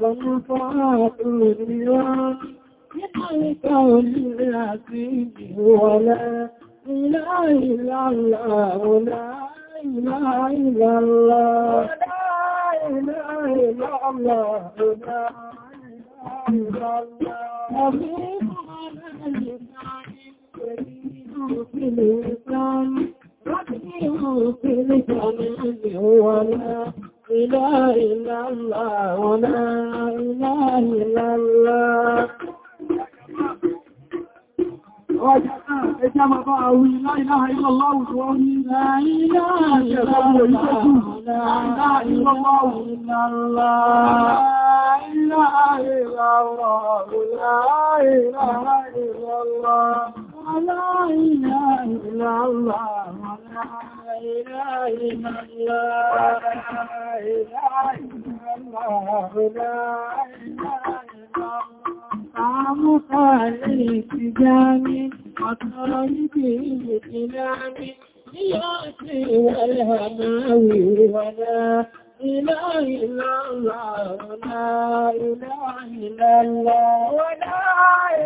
ونفعات اليوم بحيث العزيز ولا إله إلا الله لا إله إلا الله لا إله إلا الله لا إله إلا الله في الإنسان ربي في الإنسان ولا إله إلا الله لا إله إلا الله Ẹjá máa bá àwí láìláha ìlọ́láwù tó wọ́n ní láìláha ìlọ́láwù láìláha ìlọ́láwù láìláha ìlọ́láwù لا إله إلا الله لا إله إلا الله لا إله إلا الله لا إله إلا الله عليك جامي وطريق إلامي يأتي والهماوي ولا إله إلا الله لا إله إلا الله ولا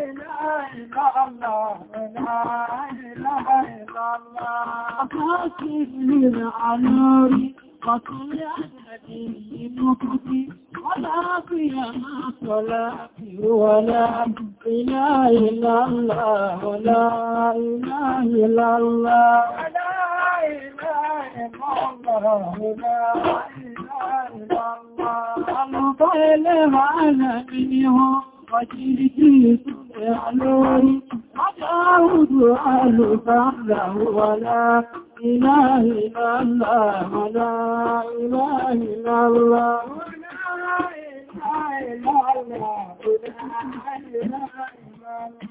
إله إلا الله لا إله إلا الله كاتب من عناري قطيع النبي مكتي ولا قيام صلاتي ولا إله إلا الله ولا إله إلا الله وجيجي سبحانه أجعود أهل فهله ولا إله إلا الله ولا إله إلا الله ولا إله إلا الله ولا إله إلا الله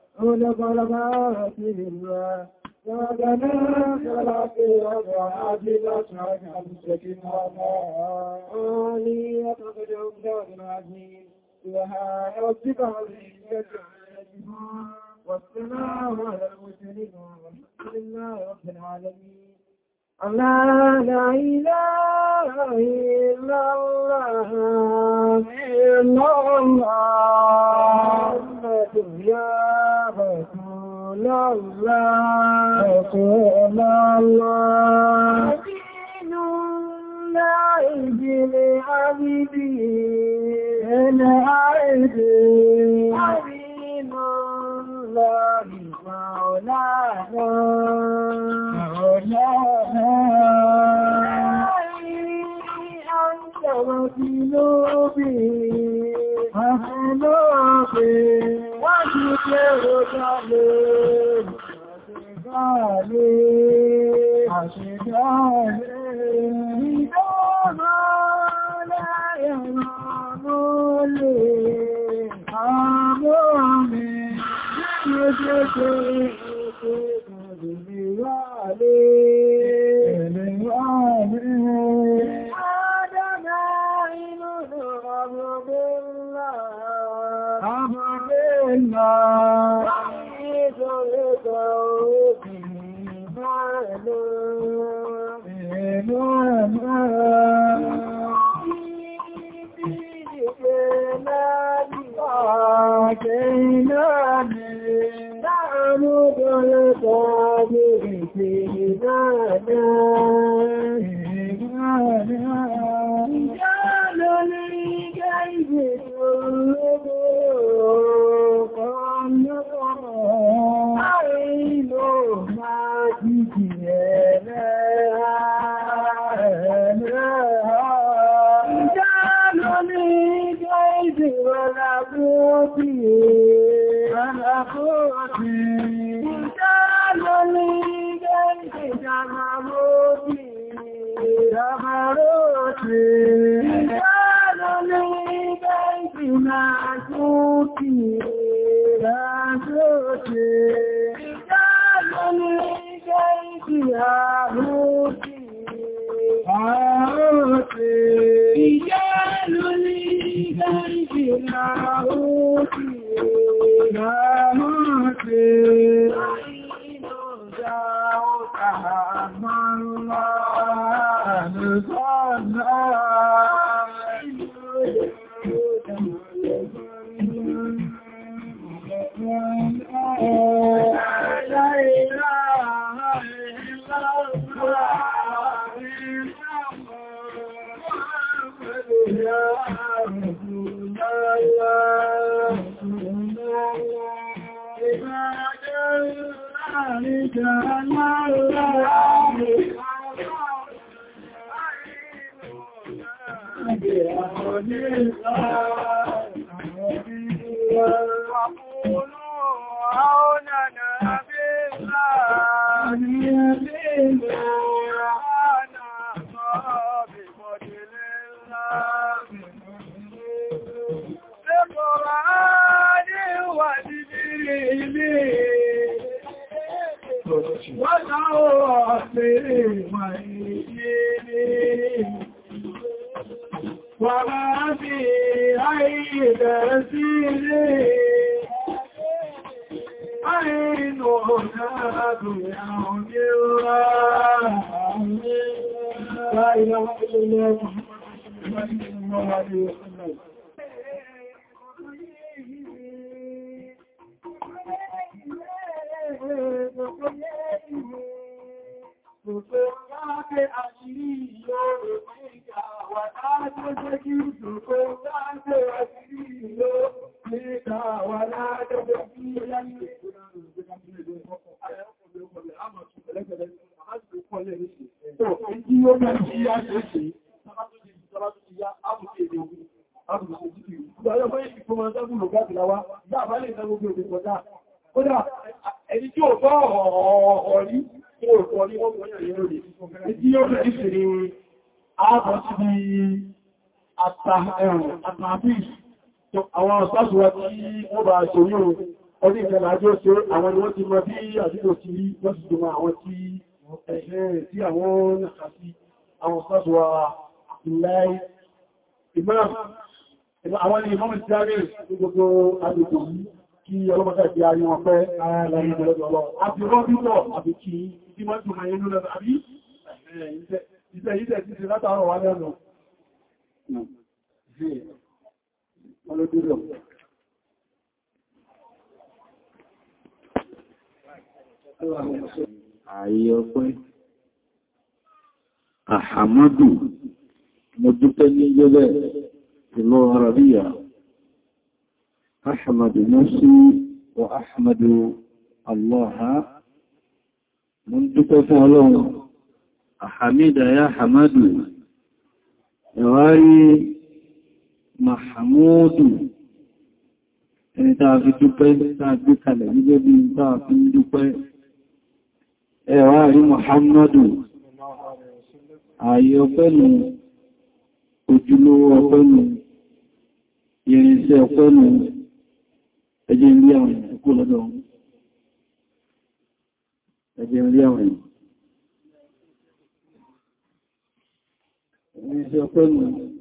حول ظلمات الله وبنات العقل وضعات الأشعر خمسة وما آلية قد عبدان العزيز لها ربك عزيزة والسلام على المسلمين والحمد لله رب العالمين لا لا إله إلا الله إلا الله يا رسول الله رسول الله دين العبد لعبدي العبد عظيم الله مولانا مولانا أنت وقلوبي وقلوبي وشكرك لي وشكرك لي Alhamdulillah. àwọn ọ̀sáṣùwà tí wọ́n bá ṣe ní ọdún ìfẹ́lá jẹ́ ṣe àwọn ni wọ́n ti mọ bí àdúgbò ti rí wọ́n ti jọmọ àwọn tí ẹ̀ṣẹ́ tí àwọn nàkà sí àwọn ọ̀sáṣùwà ìlàí ìmọ́ràn àwọn ni ìmọ́mù ti dárí gbogbo agbègbè yìí kí ọlọ́mọ́ta ìgbé ayé wọn pẹ́ ara ìgbẹ̀lẹ́gbẹ̀ ọlọ́run àti rọ́ bíbọ̀ àti kí tí mọ́ jùmọ̀ inú lọ́nà àbí ìtẹ̀ ìtẹ̀ ti ti látàrọ̀ wà lẹ́nu Ààyè ọpẹ́. Àhàmọ́dù, mo dúpẹ́ ní Yẹ́lẹ̀, ìlú Arabiya. Ahmadu Nọ́sí wa Ahmadu Allaha, mo fún Ọlọ́run. Àhàmídà ya Hamadu, ẹ̀wárí Mahamudu ẹni tàà fi dúpẹ́ tàà gbé kalẹ̀ nígbẹ́ bí i tàà fi ń dúpẹ́ ẹwà rí Muhammadu ààyè ọpẹ́nu ojúlówó ọpẹ́nu irinṣẹ́ ọpẹ́nu ẹjẹ́ ilé àwọn ìkú lọ́dọ̀ ẹjẹ́ ilé àwọn ìrìnṣẹ́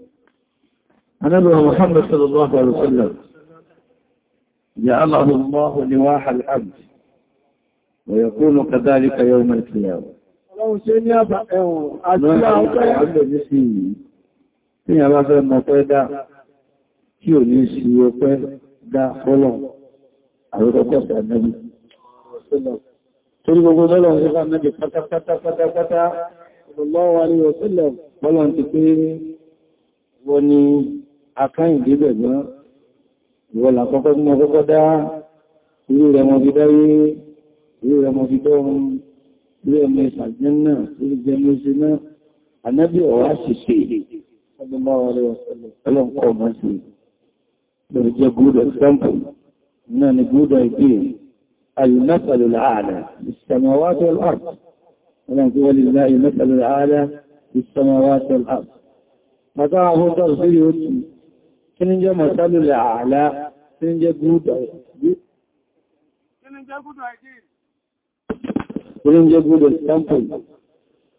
أنبه محمد صلى الله عليه وسلم جعله الله نواح العبد ويكون كذلك يوم القيامة Tí a bá fẹ́ mọ̀ pẹ́ dá kí ò ní sí ọpẹ́ dá fọ́lọ̀ àwọ́kọ́kọ́ sàdẹ́bí. Torí gbogbo lọ́lọ́ ń rífà mẹ́bí pátápátá pátápátá, ọlọ́wà ní ọ̀sílẹ̀ bọ́lọ̀ ti pé wọ́n ni akáyìndé bẹ̀gbọ́n ìwọ̀là kọ́kọ́ mọ́ kọ́kọ́ dá ilé rẹ̀ mọ́ fi dáyé ilé rẹ̀ mọ́ fi dọ́run ilé ọmọ ìsàjẹ́ náà ilé jẹmọ́ sí náà anábí ọ̀wá ṣìṣe ọlọ́nkọ́ mọ́ sí lórí jẹ́ good example náà ni good والأرض ولم تقول الله المثل الأعلى والأرض فتعه تغفر kí ní jẹ́ mọ̀sálùlẹ̀ àlá kí ní jẹ́ gúúdọ̀ ìdí kí ní jẹ́ gúúdọ̀ ìsẹ́mpùl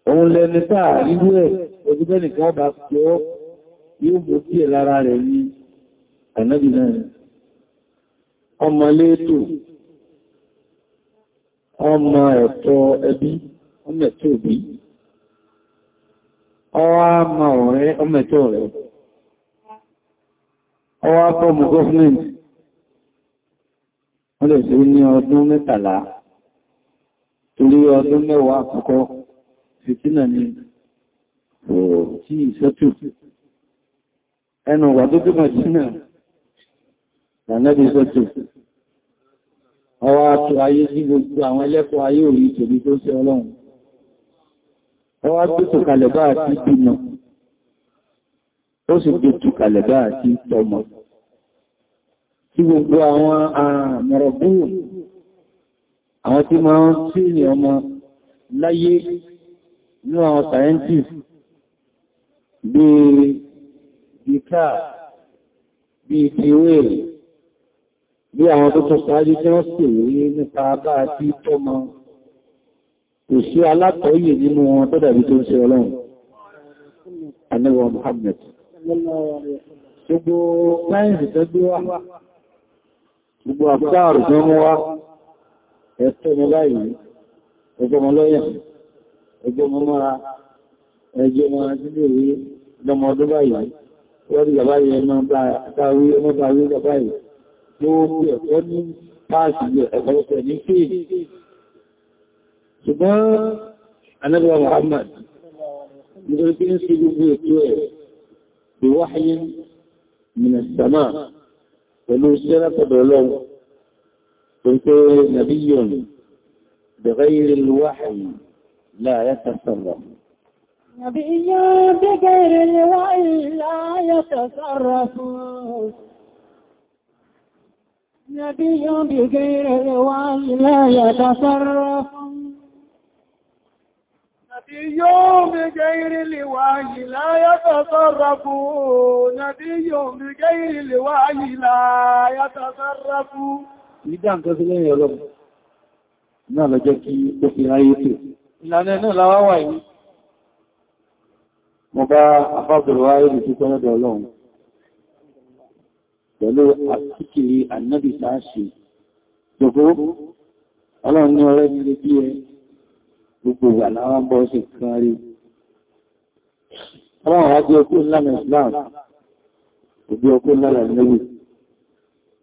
òun lẹni táà ríru ẹ̀ ojúgbẹ́ nìkan bá fi ọ́ yóò bó sí ẹ̀ lára rẹ̀ ní ànábì náà ọmọ léètò ọmọ ẹ̀tọ́ ẹbí ọmọ ẹ̀tọ́ òbí ọwá ọmọ ọ̀rẹ́ ọmọ ẹ̀tọ́ ọ̀rẹ́ ọwá fọ́mù gọ́ọ̀mẹ́ntì wọ́n lè tó ní ọdún mẹ́tàlá torí ọdún mẹ́wàá àkọ́kọ́ fìtínà ni tí ìṣẹ́tù ẹnu wà tó tó mẹ́tínà lànẹ́bí ìṣẹ́tù ọwá tó ayé sí gbogbo àwọn ẹlẹ́kọ́ ayé òrí ìtòrí tó sí ọlọ́run ọwá tó tó kalẹ̀ bá àti ìpinà ó sì tó tó kalẹ̀ bá àti tọmọ̀ tí gbogbo àwọn àmọ̀rọ̀gbù àwọn tí ma ń tí ní ọmọ láyé ní àwọn scientist bí i car bí i tiwé bí àwọn tó tó sáájú tí wọ́n sì rí nípa bá àti tó ma kò sí alátọ́yè nínú wọn tó dàbí tó ń ṣe ọlọ́run Anẹ́wọ̀n Muhammad. Gbogbo sáyẹ̀nsì tó gbé wá gbogbo àfáàrù tó mú wá ẹ̀tọ́ mọ́ báyìí ẹjọ́ mọ́ lọ́yàn ẹjọ́ mọ́ mọ́ra ẹjọ́ mọ́ sílé ìwé lọ́mọ ọdún báyìí lọ́dí gàbáyìí ẹmọ́ báyìí ọmọ báyìí gàbáyìí tó mú ẹ̀kọ́ ní páàsì ẹ̀kọ́lọ́pẹ̀ ní kéèkì ṣùgbọ́n anábíwá Muhammad nítorí pé ń ṣe gbogbo ètò ẹ̀ ìwáhayín mìnà sàmáà pẹ̀lú iṣẹ́ látọ̀dọ̀ ọlọ́run tó ń بغير الوحي لا يتصرف نبي بغير الوحي لا يتصرف نبي بغير الوحي لا يتصرف يوم غير الوحي لا يتصرفون في يوم غير الوحي لا يتصرفون ìdá nǹkan sí lẹ́yìn ọlọ́run náà lọ jẹ́ kí ó fi ráyé tó ìlànà náà láwá wà yìí mo bá afábùrù wáyé lè tó tọ́lọ́dọ̀ ọlọ́run pẹ̀lú àtíkiri annabi sáà ọlọ́run ní ọ̀rẹ́ nílé bí ẹ gbogbo wà láwọn bọ́ sí kan rí ọlọ́run wá bí okú ńlá islam òbí okú ńlá lẹ́wì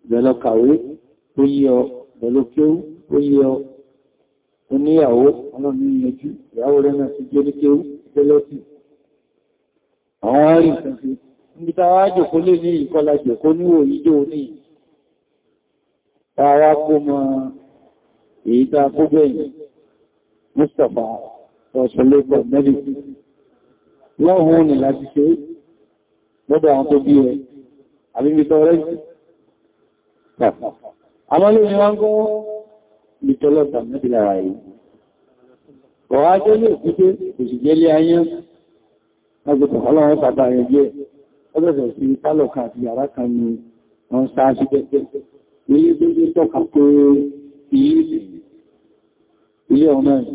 bẹ̀lọ kàwé ó yí ọ bẹ̀lọ kí ó yí ọ oníyàwó ọlọ́run yíyanjú ìyàwó rẹ̀ náà ti jẹ́ ní kí ó tẹ́lọ́sì àwọn arìn kẹfẹ́ níbi táwà jòkó lè Mustapha ọ̀ṣọ̀lẹ́gbọ̀ mẹ́lì wọ́n hún ní láti ṣe lọ́dọ̀ àwọn tó bí ẹ àbíbítọ̀ rẹ̀ àmọ́lé ni wọ́n gọ́ ìtọ́lọ́ta mẹ́bí lára yìí ọ̀há jẹ́ lè kúté òṣìṣẹ́ lé ayé ọgbẹ̀tọ̀ ọlọ́run tàbí ayé jẹ́ ọgbẹ̀tọ̀ sí kan àti yàrá kan ni wọ́n sáá sí pẹ́pẹ́ ilé gbogbo tọ́ka pé ilé ọ̀nà yìí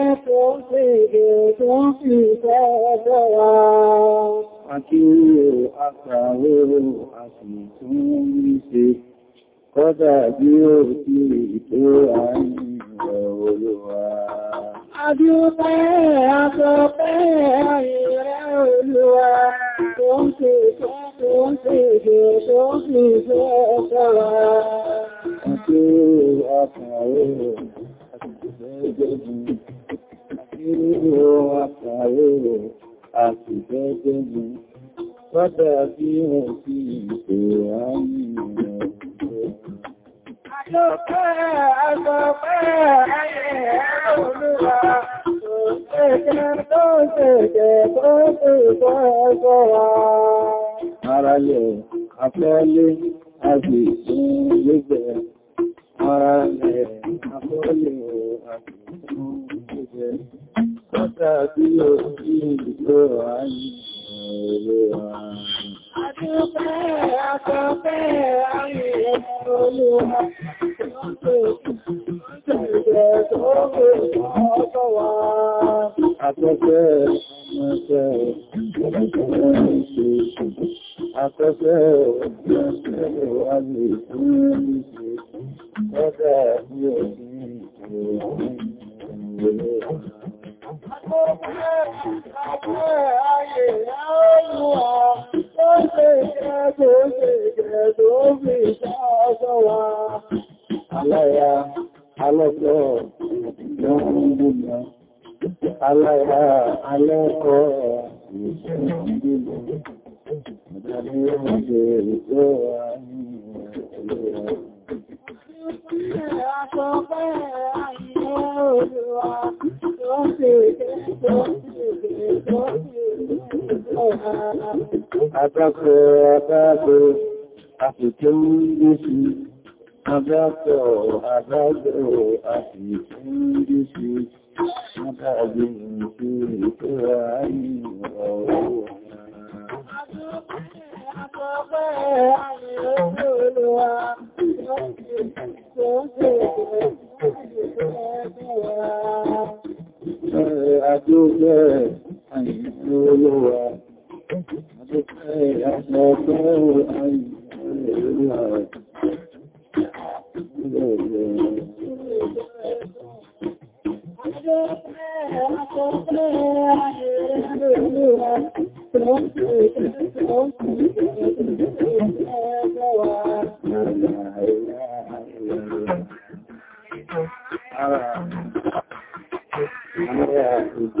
Adákọ̀ adákọ̀ àpètè ń gbé sí. Adákọ̀ adákọ̀ àpètè ń gbé sí. Adágbé ìpé ìpéra ayé ọ̀rọ̀. Àpapẹ́ àmì olóòlúwa, àìlúwà àdúpẹ́ àpapọ̀ àìlúwà Thank you.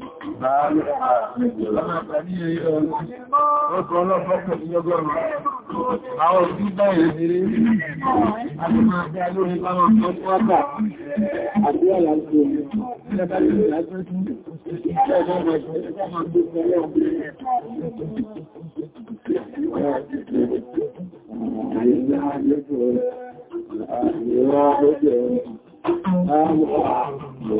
Àwọn òbí báyìí rere, a ti máa bẹ́ lórí láwọn ọmọ ọgbà àti àlàájú omi. Ìjọba lè rí àjọ́ tí ìjọba ọmọ ìjọba máa gbé pẹ̀lú ọmọ ìjọba.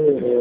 Yeah.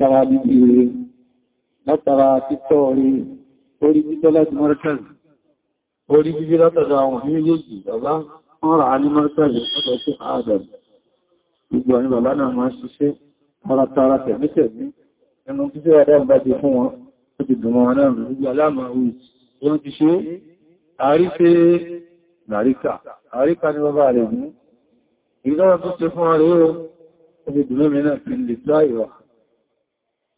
látara níbi rẹ̀ látara títọ́ orí orí títọ́ láti mọ́rẹ́kẹ́lì orí bíbí látara àwọn méjèèjì bàbá wọ́n rà ní mọ́rẹ́kẹ́lì ọ̀dọ̀ sí adam gbogbo àwọn bàbá náà máa ṣiṣẹ́ ara tara tẹ̀mítẹ̀mí ẹnu títí adam bá ti fún wọn ó ti dùn wọn náà gbogbo aláàmà òun wọ́n ti ṣe àríṣẹ́ làríkà àríkà ní bàbá rẹ̀ mú ìdára lè láìwàá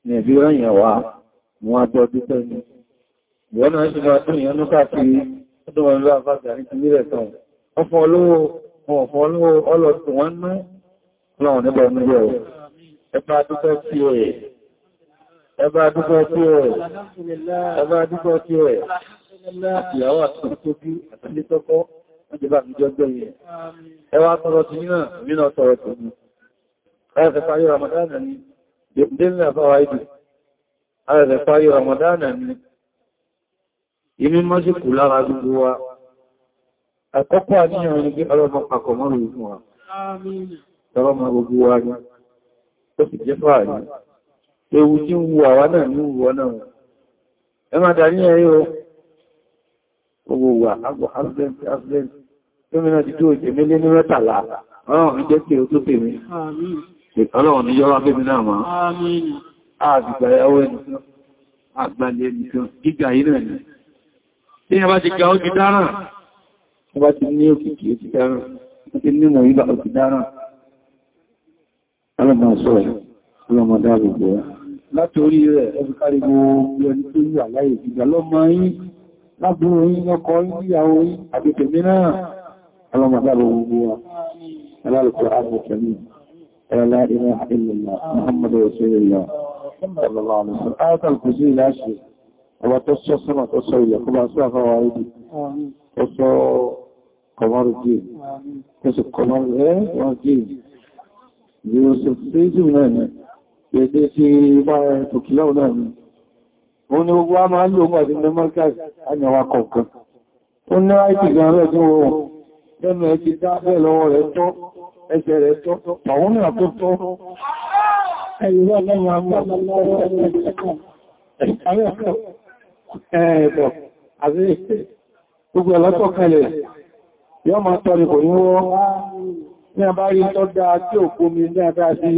ní ẹ̀bí ráyìn wá mú àjọ dúpẹ́ ní ìwọ́nà ìṣẹ́lẹ̀ ọdún ìyẹn ló káàkiri ọdún wọn lọ́wọ́ bá gàrí ti nílẹ̀ tán ọ̀fọ́ olówó ọ̀fọ́ olówó ọlọ́tún wọn ná lọ́wọ́n níbọ̀ níbẹ̀ ẹ̀ ẹbá dúpẹ́ tí ẹ̀ ẹbá dúpẹ́ tí ẹ̀ ẹbá dúpẹ́ tí ẹ̀ ìyàwó àti ìtójú àti ilé-tọ́kọ́ wọ́n jẹ́ bá mi ẹwà tọrọ ti nínà mínà tọrọ tó ní fẹ́ parí Ramadan ni dínlẹ̀ fáwà ìdí ààrẹ parí ramadana ni ìmí mọ́síkù lára gbogbo wa àkọ́kọ́ àníyàn ni bí ọlọ́mọ pàkọ̀ mọ́rù ìfún wa ọlọ́mọ gbogbo wa ni ó sì jẹ́ fáà ní ewu tí ń wu àwa náà ní wu ọ̀nà wọn ẹ máa dà ní ẹ̀yẹ o Ọlọ́run ni yọ́rọ̀ abẹ́mi náà máa. Àgbà ẹ̀wọ́ ẹni tó, àgbà ẹni tó, gíga yìí náà ni. Tí ẹ bá ti ga ó ti dáràn, ẹ bá ti ní òkìkì ó ti dáràn, ó ti ní mọ̀ ìgbà ó ti dáràn. Ọlọ́mọ sọ́rọ̀, ọlọ́mọ dáàbò bọ̀. Látorí rẹ̀, ẹbí kárí gbogbo ẹni tó yà láyé ìgbà lọ́mọ yín, lábúrò yín, ọkọ̀ yín, ìyàwó yín, àti tèmi náà, ọlọ́mọ dáàbò gbogbo wa. Alálùkọ̀ ààbò tẹ̀lé. ولا إله إلا الله محمد رسول الله صلى الله عليه وسلم آية الكرسي العشر ọba tó sọ sọ́nà tó sọ ilẹ̀ kọba sí àfáwà ìdí tó sọ kọmọrù jí tó sọ kọmọrù ẹ́ wọ́n jí ní oṣù fíjì náà ni pẹ̀lú sí bára tòkìlá náà ni ó ní gbogbo a máa ń lò mọ́dí ní mọ́kàí àyàwà kọ̀ọ̀kan ó ní ẹgbẹ̀ rẹ̀ tó pàwọn ní àkótó ẹ̀yìnwó ọlọ́run àwọn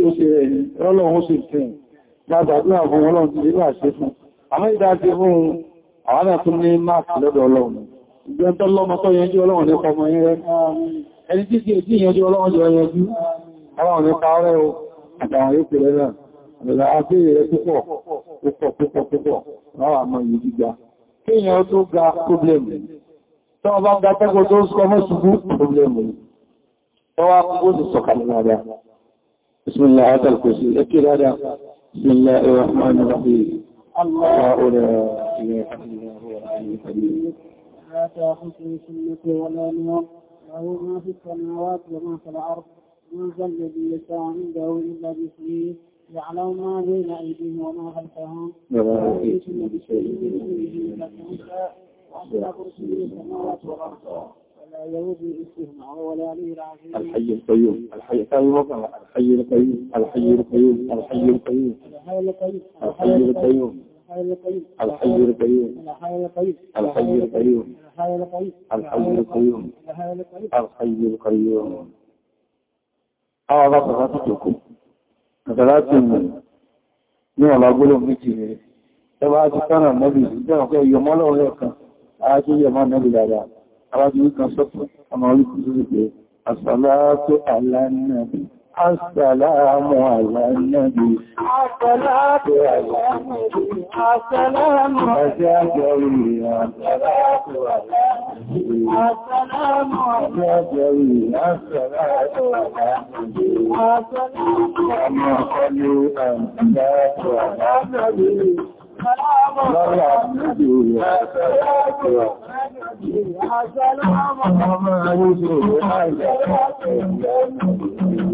ọlọ́run Lágbàdúrà fún ọlọ́run ti nígbà ṣe fún. Àmọ́ ìdájí fún àwọn àtún ní máàkì lọ́dọ̀ ọlọ́run. Ìgbẹ́ntọ́lọ́mọ́tọ́ yẹn jí ọlọ́run ní ọmọ yẹn rẹ̀ ẹni tí kí èsì ìyànjú ọlọ́run jẹ́ ẹyẹjú àwọn ọ̀rẹ́ pàárẹ́ o àtàwọn yóò lẹ́nà àbẹ̀lá abẹ́rẹ̀ rẹ̀ púpọ̀ púpọ̀ púpọ̀ púpọ̀ láwà mọ́ ìlú gíga kéèyàn tó ga pọ́blẹ̀mù tó ọba ga tẹ́kọ̀ tó ń sọ mọ́ ṣubú pọ́blẹ̀mù tó wá kó sì sọ̀kalẹ̀ dáadáa bismillah atal kursi ẹkẹ́ dáadáa bismillah ar-rahman ar-rahim allah ula ilaha illa huwa al-hayyul qayyum la له ما في السماوات وما في الأرض من ذا الذي يشاء عنده إلا باسمه يعلم ما بين أيديهم وما خلفهم ولا يحيطون بشيء من علمه إلا بما شاء وعلى كرسيه السماوات والأرض ولا يؤذي استهناء ولا عليه العظيم الحي القيوم الحي القيوم الحي القيوم الحي القيوم الحي القيوم الحي القيوم الحي القيوم الحي القيوم الحي القيوم الحي القيوم الحي القيوم الحي القيوم الحي القيوم أعضى صلاتكم صلاة ní ọ̀la gbóló méjì rẹ̀ ẹwà ti kánà nẹ́bì ìjọba pé yọmọ́ lọ́wọ́ ẹ̀kan àti yọmọ́ nẹ́bì dada alájú wíkan sọ́pọ̀ ọmọ orí kùsùrù pé àsàlátò alánàbì Assalamu ala nabi. Assalatu ala alaykum. Assalamu ala nabi. Assalatu ala nabi. Assalamu ala nabi. Assalatu ala nabi. Assalamu ala nabi. Assalamu ala nabi.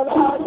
la la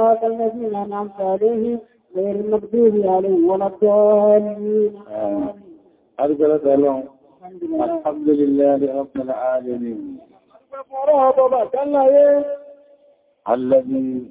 صراط الذين أنعمت عليهم غير المغضوب عليهم ولا الضالين أرجو سلام الحمد لله رب العالمين الذي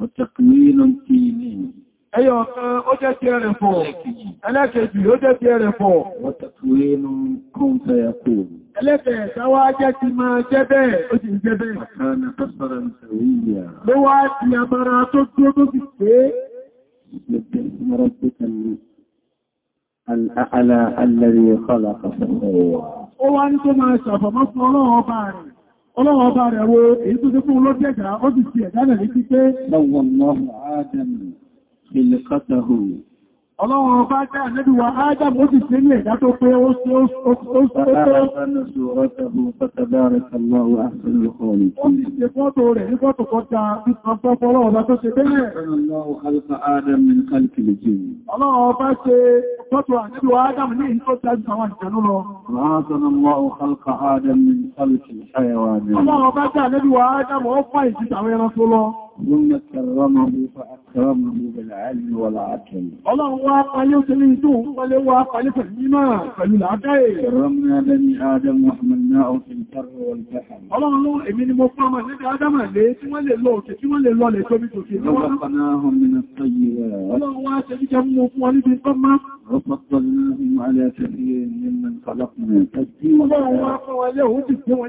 وتكميل ديني أيوة أجت يعرفه ألاكي أجت يعرفه وتكوين كن فيكون ألاكي سواجت ما جبه أجل جبه كان قصرا سويا لوات يا مرات الجبه باسم ربك الأعلى الذي خلق فسوى وأنت ما شاف مصر الله بارك ọlọ́wọ́ ọba rẹ̀ wo èyí tó dékún lọ́dẹ̀ẹ̀dá ó sì ti ẹ̀dá rẹ̀ ní pípé lọ́wọ́ Ọlọ́run ọba jẹ́ àlẹ́dùwà Adam ó sì ṣe ní ẹ̀dá tó pé ó ṣe ó ṣe fọ́tò rẹ̀ ní fọ́tò kọjá ìpapọ̀pọ̀ ọlọ́run ọba tó ṣe bẹ́rẹ̀. Ọlọ́run ọba ṣe fọ́tò àlẹ́dùwà Adam ní ìtọ́jú àwọn ìjẹ̀nú lọ. Ọlọ́run ọba jẹ́ àlẹ́dùwà Adam ó fà ìjìtàwẹ́ ẹran tó ثم كرمه فأكرمه بالعلم والعقل الله واقع وسلمته ولي واقع لفهمنا فللعقل كرمنا بني آدم وحملناه في البر والبحر الله الله إمين مفهما لدى آدم ليس ولي الله كي ولي الله ليس بيتوكي ورزقناهم من الطيبات الله واقع لجمه فوالي بالقمة وفضلناهم على كثير ممن خلقنا تسليما الله واقع له تسليما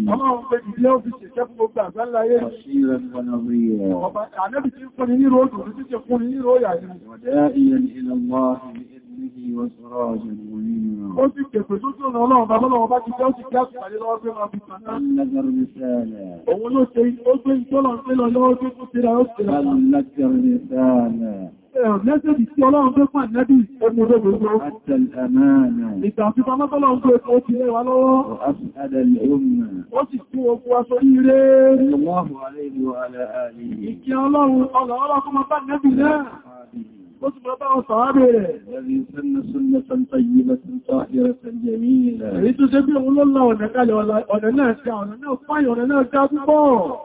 Ọlọ́run pé ìdílé ó fi ṣẹ̀ṣẹ́ fún gbogbo àgbáláyé. Ọba ànẹ́bì tí ń fún ní nírò òdùn tí ṣe fún ní nírò òyà ìrìn. Ó ti kẹ̀kẹ̀ tó tó rán ọlọ́run bá lọ́wọ́ bá ti jẹ́ ó ti kí àtìpàdé lọ́wọ́ pé máa bí kanáà. Òun ló ṣe ó gbé ìtọ́lọ̀ ń pé lọ lọ́wọ́ tó tó tẹ́ra ó tẹ́ra. Eh, mẹ́sẹ̀dì tí ọlọ́run tó pàdé nẹ́bí ẹgbùdógbòrò ìgbà tí bá mọ́tọ́lọ́run tó ó ti lẹ́wà lọ́wọ́ ó sì tún ogun aṣọ ire ìkẹ́ ọlọ́run ọlọ́run kọmọ bá nẹ́bí náà وصبر بعض صحابه الذي سن سنة طيبة طاهرة جميلة ريتو سبيل قول الله ونقال ونناس ونناس طي ونناس كاتبا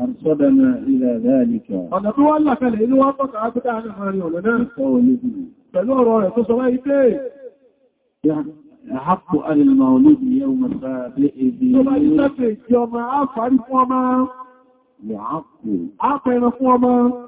أرصدنا إلى ذلك أنا دو الله قال إلو أبقى عبد أنا ماري ونناس بقوله بلو رأي تصبع إيكي أحق أهل المولود يوم سابئه ثم يسافر يوم عفر فوما لعقل عقل فوما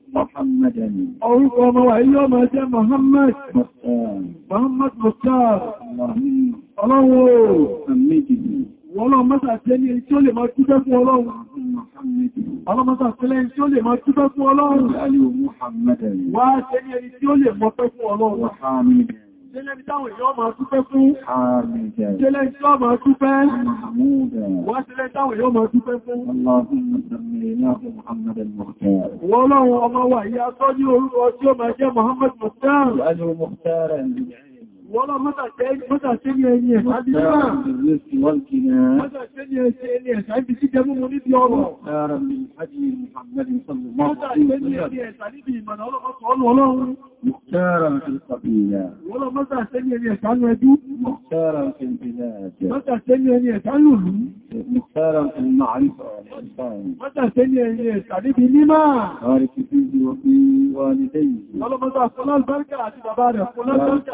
Muhammadan. Orúkọ ọmọ wa ilé ọmọ ẹjẹ́ Muhammad. Muhammad Mukhtar. Ọlọ́wọ́ Ọlọ́run mọ́sà tẹ́ ní ẹni tí ó lè máa túbẹ́ fún Ọlọ́run. Ọlọ́run mọ́sà tẹ́ lẹ́yìn tí ó lè máa túbẹ́ fún Ọlọ́run. Wá tẹ́ ní ẹni tí ó lè mọ́pẹ́ fún Ọlọ́run. Jẹ́lẹ́bí táwọn èèyàn máa dúpẹ́ fún. Jẹ́lẹ́bí táwọn máa dúpẹ́. Wọ́n sílẹ̀ táwọn èèyàn máa dúpẹ́ fún. Wọ́n lọ́wọ́ ọmọ wà yí asọ́ ní orúkọ tí ó máa jẹ́ Muhammad Mukhtar. Wọ́lọ́ mọ́ta ṣe ní ẹni ẹ̀sá bí náà. Mọ́ta ṣe ní ẹni ẹ̀sá ibi sí jẹ́ múmú níbi ọrọ̀. Mọ́ta ṣe ní ẹni ẹ̀sá níbi ìmọ̀nà ọlọ́run. مختارا في القبيلة ولا متى سمعني يفعلوا يدوب مختارا في البلاد متى سمعني يفعلوا مختارا في المعرفة والإنسان متى سمعني يفعلوا بلما بارك فيه وفي والديه ولا متى صلى البركة عشان بارك صلى البركة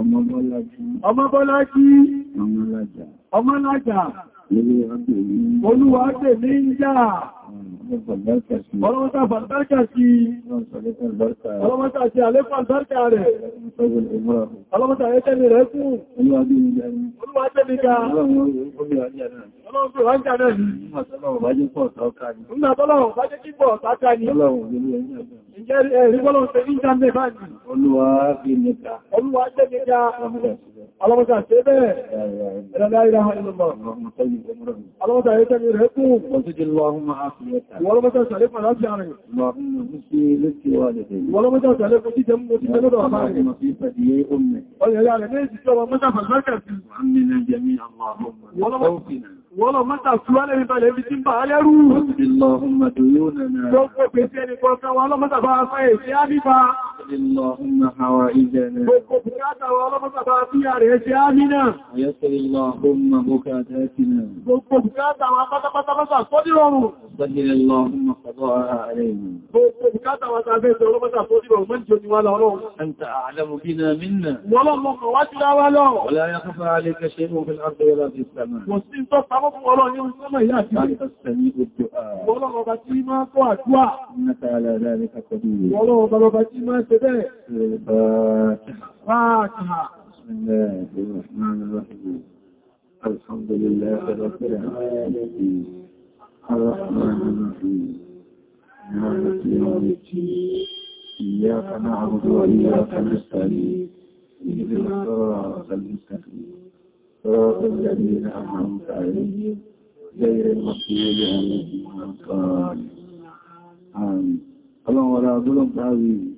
Ọmọbọ́lájí. Ọmọlájà. Olúwa tèmi ń jà. Ọlọ́mọ́ta fàlbárkà sí ọlọ́mọ́ta sí àlẹ́fàlbárkà rẹ̀. Ọlọ́mọ́ta ẹ̀ẹ́tẹ́mi rẹ̀ fún. Olúwa tẹ́mi ká. Ọlọ́mọ́ta ránkà náà ni. Nígbà tọ́lọ́wọ̀ bá jẹ́ kí pọ̀ sáká ni. Ìjẹ́ ẹ̀rí bọ́lọ́ Ọlọ́mọ́ta ṣe bẹ́ẹ̀ ẹ̀lọ́lá ìlàhà ìlọ́mọ̀. Ọlọ́mọ́ta ẹ̀yẹ́ tẹ́lẹ̀ rẹ̀ kú. Ọlọ́mọ́ta ṣàlẹ́ fún àlàáfíà rẹ̀. Ọlọ́mọ́ta ṣàlẹ́ fún jíjẹ mú ti mẹ́lọ́dọ̀ àmà rẹ̀. Ọlọ́mọ́ta ṣàlẹ́ fún jíjẹ mú ti mẹ́lọ́dọ̀ àmà rẹ̀. Wọ́lọ̀ mọ́ta ṣúwálẹ̀ ní balẹ̀ ibi tí ń bá alẹ́rú. Ọlọ́mọ́ta ṣàlẹ́ fún jíjẹ mú ti mẹ́lọ́dọ̀ àmà rẹ̀. اللهم حوائجنا ويسر اللهم بكاتاتنا وسهل اللهم قضاءها علينا أنت أعلم بنا منا ولا يخفى عليك شيء في الأرض ولا في السماء أنت السميع الدعاء إنك على ذلك قدير bẹ́ẹ̀ بسم الله الرحمن الرحيم الحمد لله رب العالمين الرحمن الرحيم مالك يوم الدين إياك نعبد وإياك نستعين اهدنا الصراط المستقيم صراط الذين أنعمت عليهم غير المغضوب عليهم ولا الضالين آمين اللهم ولا ظلم تعظيم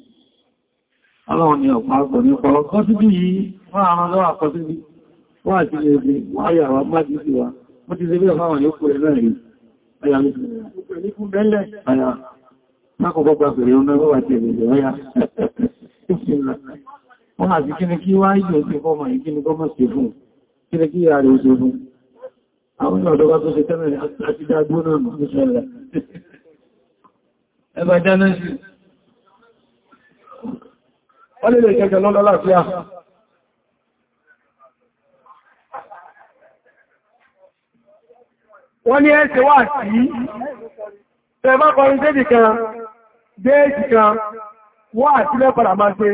ọlọ́run ni ọ̀pá àgbọ̀ nípa ọmọ ẹgbẹ́ wà ti ẹ̀rẹ̀ ọya wọ́n àti kí ni kí wá ìjọ sí fọ́mọ̀ yìí kí gọ́mọ̀ sí fún kí kí ìyá oṣù fún àwọn ìrọ̀dọ́gbà tó ṣe tẹ́lẹ̀ àti dágbónà ní ṣẹlẹ̀ wọ́n lè kẹjọ lọ́lọ́ láàfíà wọ́n ní ẹ́sẹ̀ wà sí tẹ́bá kọrin tẹ́bì kan déèjì kan wà sílẹ̀ padà máa ṣe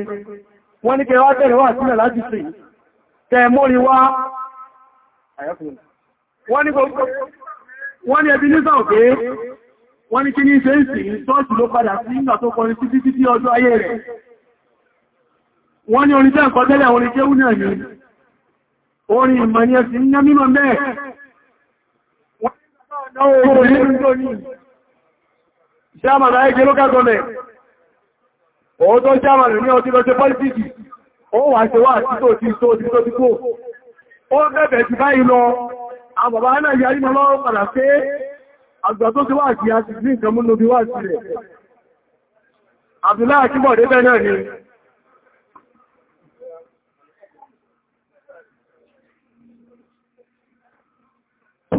wọ́n ní kẹwàá tẹ́rẹ̀ wà sílẹ̀ láti sí tẹ́ mórí wá wọ́n ní ẹbí nígbà òkè wọ́n ní kí ní ṣe ń sì wọ́n ní orin jẹ́ ǹkọ́tẹ́lẹ̀ orin jẹ́ wúnà ní orin ìmọ̀ ni ẹ̀sìn ní mímọ̀ mẹ́ẹ̀ Àwọn bàbá náà yàrí mọ́ lọ́wọ́ padà pé àgbà tó ti wà sí àti sí nǹkan múnú bí wà sí rẹ̀. Àbdùlá àti bọ̀dé bẹ́ẹ̀ náà ni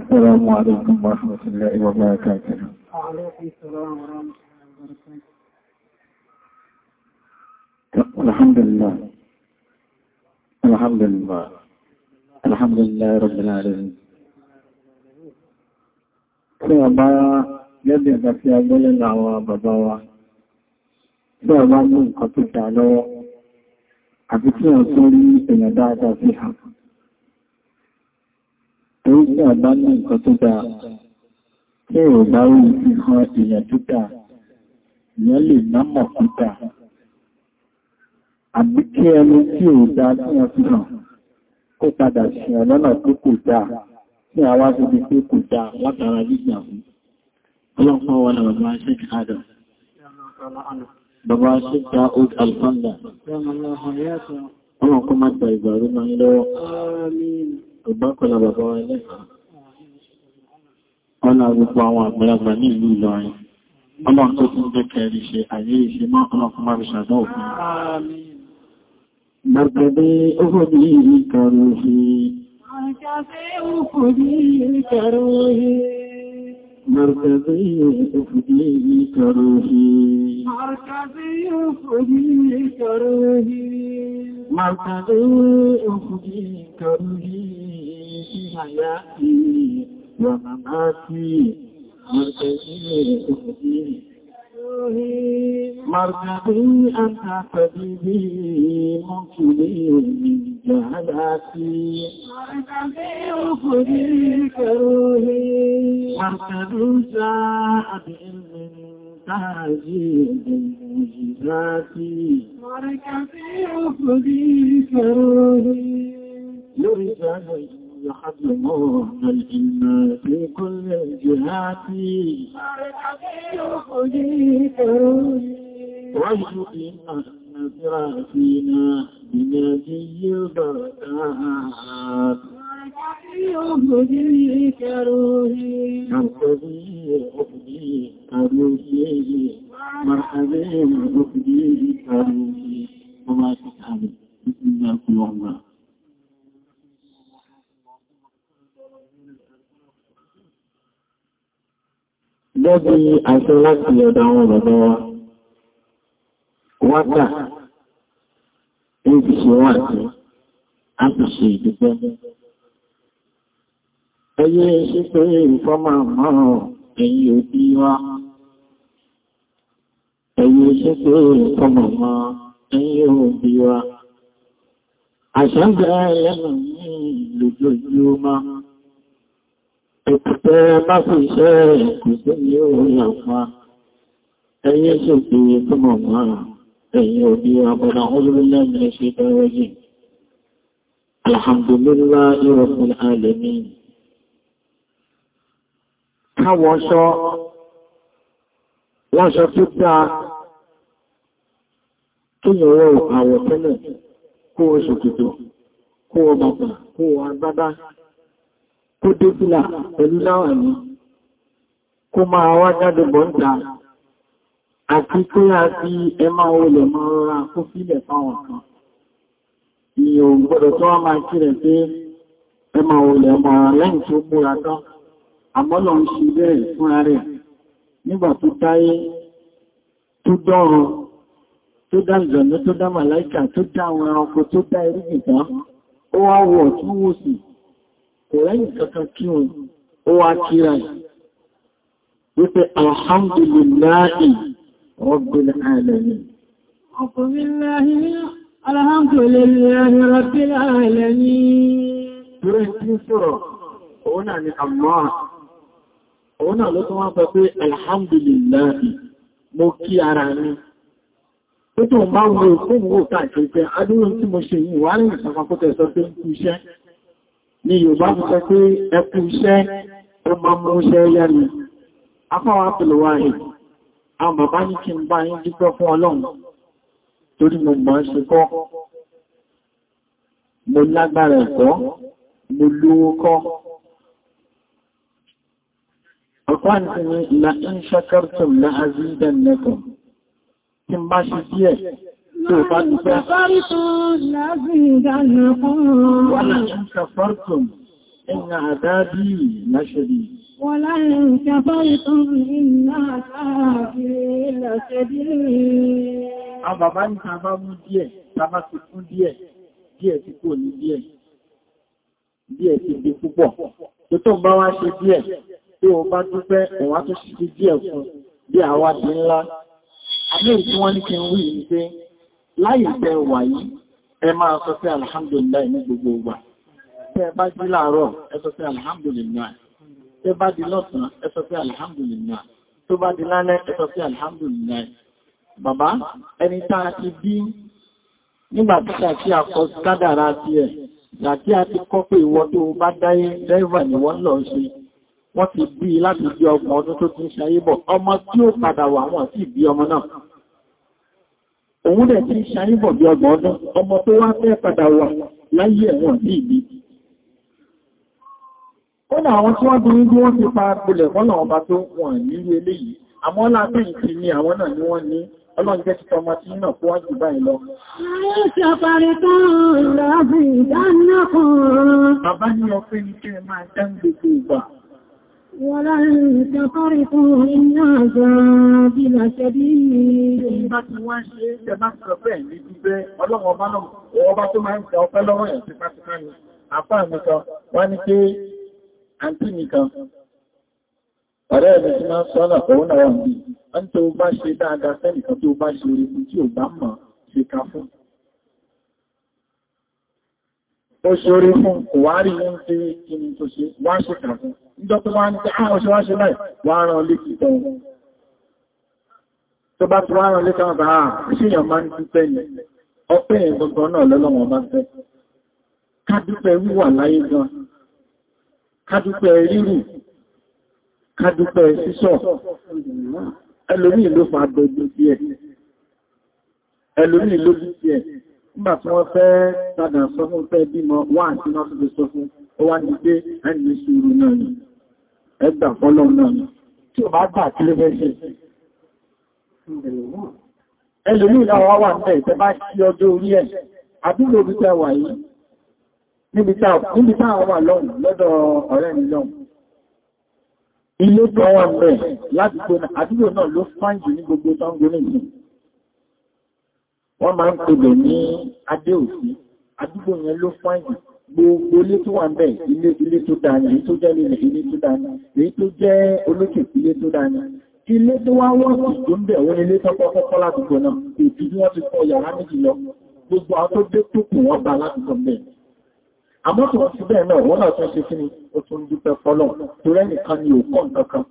السلام عليكم ورحمة الله وبركاته وعليكم السلام ورحمة الله وبركاته الحمد لله الحمد لله الحمد لله رب العالمين tí a bá gẹ́gẹ́ ẹ̀gbà tí a gbọ́lẹ̀ láwọn bàbá wa tí a bá mú nǹkan tó Torí àbá ní nǹkan tó dáa, tí ò bá rí ìhàn èèyàn tó dáa, èèyàn lè námọ̀ tó dáa. Àbí kí ẹni tí ò dáa tí wọ́n fi hàn, kó padà ṣìyàn lọ́nà tó kò dáa, tí àwa fi di pé kò dáa látara gbígbà fún. Ọlọ́pàá wọn lọ bá ṣe Adam. Bàbá ṣe ta Old Alfanda. Ọlọ́pàá máa gba ìgbà ìgbákọ̀lá bàbá wa lẹ́fàá ọ̀nà gbogbo àwọn àgbàlagbà ní ìlú Ìlọrin ọmọ tó tún jẹ́ kẹrì ṣe àyè ìṣe mọ́ ọlọ́pùn máa ṣàdá òfin gbogbo ọkọ̀ bí ìkàrò ṣe Mọ̀rọ̀kẹ̀ẹ́ مركزي أخذي كرهي مركزي أخذي كرهي حياتي ومماتي مركزي أخذي مركبي أنت طبيبي منكبي من جهلاتي مركبي أخذي كروهي مركبي جاء بإلمي تعزيز معجزاتي مركبي أفضي فروهي لرجال يخدمون الإلم في كل الجهات مركبي أفضي فروهي ويحيينا نفراتنا بنادي البركات أبدي كروهي أبدي أبدي كروهي مرحبا أبدي كروهي وما تتعلم بسم الله كل عمره Gẹ́bí àṣẹ láti ọ̀dọ̀ àwọn bàbá wa, wátà, ń fi ṣe wà tí, a fi ṣe ìdúgbẹ́ ẹyẹ ṣe ìfọ́mà márùn-ún ẹ̀yí òbí wá ẹ̀yẹ ṣe ìfọ́mà márùn-ún ẹ̀yí òbí wá àṣẹ́gbẹ̀ bá fi iṣẹ́ ẹ̀kùtẹ́ ní orí àpá ẹ̀yẹ ṣe pé ìfọ́mà márùn-ún ẹ̀yí òbí wá bọ́nà Alhamdulillahi rabbil alamin káwọ̀ ṣọ́ láṣọ tó dáa tó yọ̀rọ̀ àwọ̀ tẹ́lẹ̀ kó o ṣòkòtò kó o bàbà kó agbádá kó dé fìlà pẹ̀lú láwàní kó máa wá jáde bọ́ǹdà àti kó yá sí ẹmà olè máa kó fílẹ̀ fáwọn kan ìyẹn ò gbọ́dọ̀ tó wá máa kí rẹ̀ pé ẹmà olè máa lẹ́yìn tó múra tán àmọ́lọ̀ ń ṣe bẹ́ẹ̀ fúnra rẹ̀ nígbà tó táyé tó dọ́rọ tó dá ìjọ̀nà tó dá màláìkà tó dá àwọn ẹranko tó dá irúgbìta ó wá wọ̀ tún wò sí kò lẹ́yìn kankan kí wọn ó wá kíra wípé alhamdulillahi rabbil alamin alhamdulillahi rabbil alamin Ìrẹ́ tí sọ̀rọ̀, òun náà ni Allah òun náà ló tún wá sọ pé alhamdulillahi mo kí ara ní tó tó ń bá wo fún wo káàkiri pé adúrún tí mo ṣe yìí wà ní ìsànkọ́kọ́tẹ̀ sọ pé kú iṣẹ́ ni Yorùbá fi sọ pé ẹkú iṣẹ́ ó máa mú iṣẹ́ yá ni Ọ̀pán ti ni ìlà ń ṣakartum la azidan lakum. Tí ń bá ṣe díẹ̀ tí ó bá dúpẹ́. Wọ́n ń ṣakartum inna àdábí la shadid. Wọ́n ń ṣakartum inna àdábí la shadid. A bàbá ní ta bá díẹ̀ ti kò ní díẹ̀, díẹ̀ ti di púpọ̀. Tó tó bá wá ṣe díẹ̀, tí ó bá dúpẹ́ òun á tún ṣe díẹ̀ fún bí àwa ti ńlá àmìrì tí wọ́n ní kí n wí ní pé láyé tẹ́ wà yìí ẹ máa sọ sí alhamdulillah ní gbogbo ìgbà tẹ́ bá jí láàárọ̀ ẹ sọ sí alhamdulillah tẹ́ bá di lọ́sàn ẹ sọ sí alhamdulillah tó bá di lálẹ́ ẹ sọ sí alhamdulillah bàbá ẹni tá a ti bí nígbà tí ṣàkí àkọ kádàrá ti ẹ̀ ṣàkí a ti kọ́ pé ìwọ tó bá dáyé dẹ́rẹ́và ni wọ́n lọ ṣe wọ́n ti bí láti bí ọgbọ̀n ọdún tó ti ń ṣayébọ̀ ọmọ tí ó padà wà wọ́n sì bí ọmọ náà òun dẹ̀ ti ń ṣayébọ̀ bí ọgbọ̀n ọdún ọmọ tó wá fẹ́ padà wà láyé ẹ̀wọ̀n sí ìbí ó nà àwọn tí wọ́n bí wọ́n ti pa gbolẹ̀ fọ́nà ọba tó wọ̀n nílé eléyìí àmọ́ lábẹ́yìn ti ní àwọn náà ni wọ́n ní ọlọ́run jẹ́ títọ́ ọmọ tí náà fún ọjọ́ báyìí lọ. Bàbá ní ọpẹ́ ní ẹ máa dá ń gbogbo ìgbà ولن تطرقوا إلا زابل سبيل Ìgbà tí wọ́n ṣe ẹ̀bá sọ bẹ́ẹ̀ ní bíbẹ́ ọlọ́run ọba náà, ọba tó máa ń ta ọpẹ́ lọ́wọ́ ẹ̀ sí pàtíkà ni, àpá nìkan wá ní pé àǹtí nìkan. Ọ̀rẹ́ ẹ̀mí tí máa ń sọ́nà òun náà wà ní, ọ́n tó bá ṣe dáadáa sẹ́nìkan tó bá ṣe orí tí ò bá mọ̀ ṣe ká fún. ó ṣe orí fún kòwárí ń tí kíni tó ṣe wá ṣe kàfún ìjọpọ̀ wá ní àwọn ah, ṣe wá ṣe láì wá rán lé tó bá ti wá rán lé káwọn ah, ṣíyàn máa ń dúpẹ́ ní ọpẹ́ ìgbọ̀gbọ̀ náà lọ́lọ́wọ́ bá fẹ́ kádúpẹ́ wíwà láyé gan kádúpẹ́ rírù kádúpẹ́ sísọ ẹlòmí ló fa gbogbo nígbà tí wọ́n fẹ́ padà sọ fún fẹ́ bímọ wà tí wọ́n fi sọ fún ó wá ní pé ẹni sùúrù náà ni ẹgbà fọ́lọ́ náà ni tí ó bá gbà kí ló fẹ́ ṣe ẹlòmí láwọ́ wà ń bẹ̀ ìfẹ́ bá sí ọjọ́ orí ẹ̀ àdúgbò bí tẹ́ wà yìí níbi táwọn wà lọ́nà lọ́dọ̀ ọ̀rẹ́ mi lọ́nà ilé tó wà ń bẹ̀ ládùúgbò náà ló fáǹjì ní gbogbo tó gbé nìyí wọ́n máa ń pèlè ní adéòfin àdúgbò yẹn ló fáìlì gbogbo ilé tó wà ń bẹ̀ ilé ilé tó dáa ní tó jẹ́ ilé ilé tó dáa ní èyí tó jẹ́ olókè ilé tó dáa ní ilé tó wá wọ́n sì tó ń bẹ̀ wọ́n ilé tọ́pọ̀ kọ́kọ́ ládùúgbò náà èdè bí wọ́n ti kọ́ yàrá méjì lọ gbogbo àwọn tó dé tó kù wọ́n bá ládùúgbò bẹ̀ àmọ́ tó wọ́n ti bẹ́ẹ̀ náà wọ́n náà tún ṣe kí ni ó tún dúpẹ́ fọ́lọ̀ torí ẹnìkan ni ò kọ́ nǹkan kan